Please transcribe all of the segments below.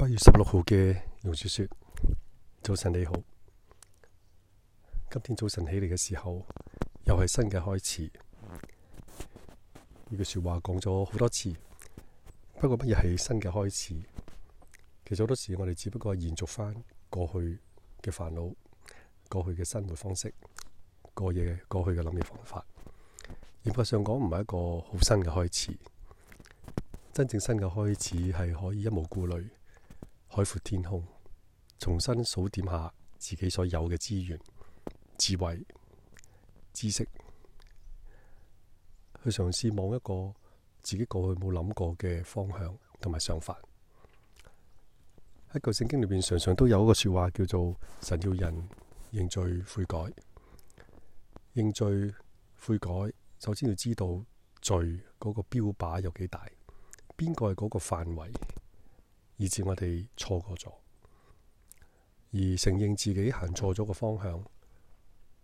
八月十六號嘅容樹說：早晨你好，今天早晨起嚟嘅時候，又係新嘅開始。呢句說話講咗好多次，不過乜嘢係新嘅開始？其實好多時我哋只不過延續翻過去嘅煩惱、過去嘅生活方式、過夜過去嘅諗嘢方法。而不上講唔係一個好新嘅開始，真正新嘅開始係可以一無顧慮。海闊天空，重新數點下自己所有嘅資源、智慧、知識，去嘗試望一個自己過去冇諗過嘅方向同埋想法。喺個聖經裏邊，常常都有一個說話叫做神要人認罪悔改。認罪悔改，首先要知道罪嗰個標靶有幾大，邊個係嗰個範圍。以至我哋錯過咗，而承認自己行錯咗個方向，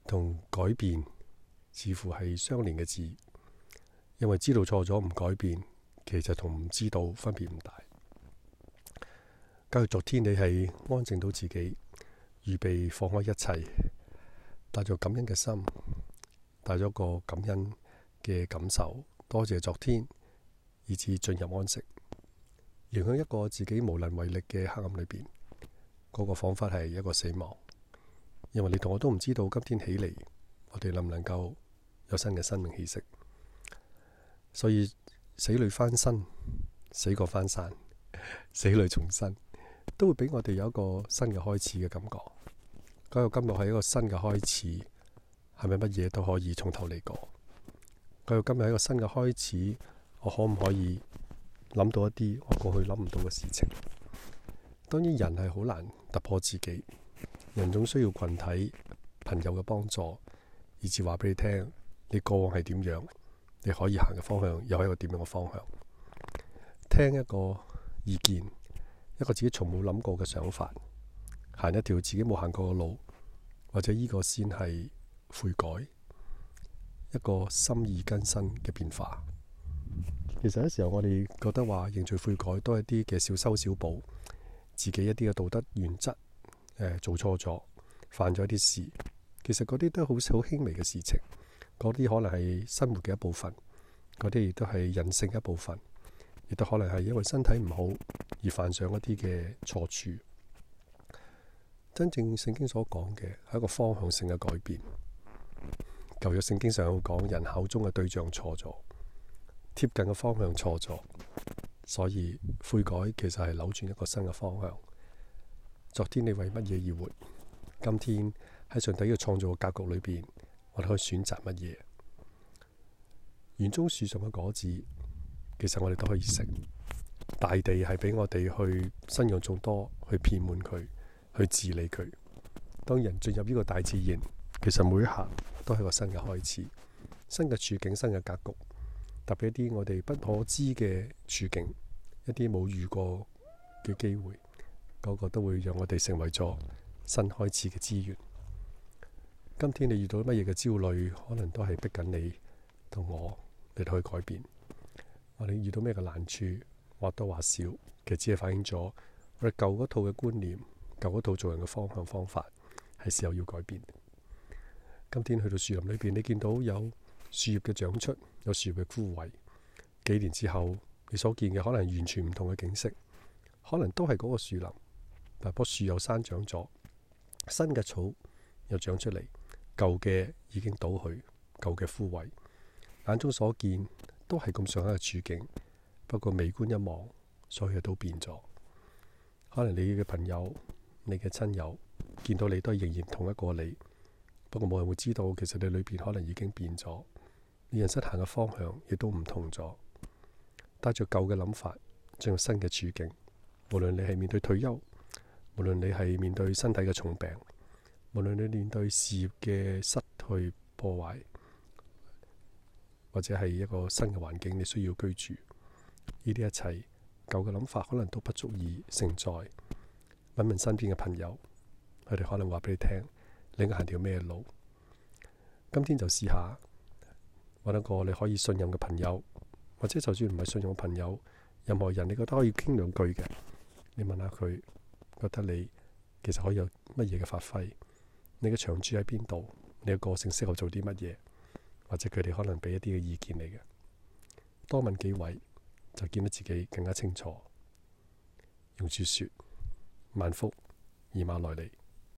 同改變似乎係相連嘅字。因為知道錯咗唔改變，其實同唔知道分別唔大。假如昨天你係安靜到自己，預備放開一切，帶住感恩嘅心，帶咗個感恩嘅感受，多謝昨天，以至進入安息。喺一個自己無能為力嘅黑暗裏邊，嗰個仿佛係一個死亡。因為你同我都唔知道，今天起嚟，我哋能唔能夠有新嘅生命氣息。所以，死裏翻身，死過翻生，死裏重生，都會俾我哋有一個新嘅開始嘅感覺。假如今日係一個新嘅開始，係咪乜嘢都可以從頭嚟過？假如今日係一個新嘅開始，我可唔可以？諗到一啲我過去諗唔到嘅事情。當然人係好難突破自己，人總需要群體朋友嘅幫助，以至話俾你聽，你過往係點樣，你可以行嘅方向又係一個點樣嘅方向。聽一個意見，一個自己從冇諗過嘅想法，行一條自己冇行過嘅路，或者呢個先係悔改，一個心意更新嘅變化。其實有時候我哋覺得話認罪悔改都係一啲嘅小修小補，自己一啲嘅道德原則，做錯咗，犯咗一啲事。其實嗰啲都好好輕微嘅事情，嗰啲可能係生活嘅一部分，嗰啲亦都係人性一部分，亦都可能係因為身體唔好而犯上一啲嘅錯處。真正聖經所講嘅係一個方向性嘅改變。舊約聖經上有講，人口中嘅對象錯咗。貼近嘅方向錯咗，所以悔改其實係扭轉一個新嘅方向。昨天你為乜嘢而活？今天喺上帝嘅創造嘅格局裏邊，我哋可以選擇乜嘢？園中樹上嘅果子，其實我哋都可以食。大地係俾我哋去生養眾多，去遍滿佢，去治理佢。當人進入呢個大自然，其實每一刻都係個新嘅開始，新嘅處境，新嘅格局。特別一啲我哋不可知嘅處境，一啲冇遇過嘅機會，嗰個都會讓我哋成為咗新開始嘅資源。今天你遇到乜嘢嘅焦慮，可能都係逼緊你同我嚟到去改變。我哋遇到咩嘅難處，或多或少其實只係反映咗我哋舊嗰套嘅觀念、舊嗰套做人嘅方向方法係時候要改變。今天去到樹林裏邊，你見到有樹葉嘅長出。有樹嘅枯萎，幾年之後，你所見嘅可能完全唔同嘅景色，可能都係嗰個樹林，但係棵樹又生長咗，新嘅草又長出嚟，舊嘅已經倒去，舊嘅枯萎，眼中所見都係咁上一個處境，不過美觀一望，所有都變咗。可能你嘅朋友、你嘅親友見到你都係仍然同一個你，不過冇人會知道，其實你裏邊可能已經變咗。人生行嘅方向亦都唔同咗，帶着舊嘅諗法進入新嘅處境。無論你係面對退休，無論你係面對身體嘅重病，無論你面對事業嘅失去破壞，或者係一個新嘅環境，你需要居住，呢啲一切舊嘅諗法可能都不足以承載。問問身邊嘅朋友，佢哋可能話俾你聽，你該行條咩路？今天就試下。揾一個你可以信任嘅朋友，或者就算唔係信任嘅朋友，任何人你覺得可以傾兩句嘅，你問下佢，覺得你其實可以有乜嘢嘅發揮，你嘅長處喺邊度，你嘅個性適合做啲乜嘢，或者佢哋可能俾一啲嘅意見你嘅，多問幾位就見得自己更加清楚。用住説，萬福，以馬內利。」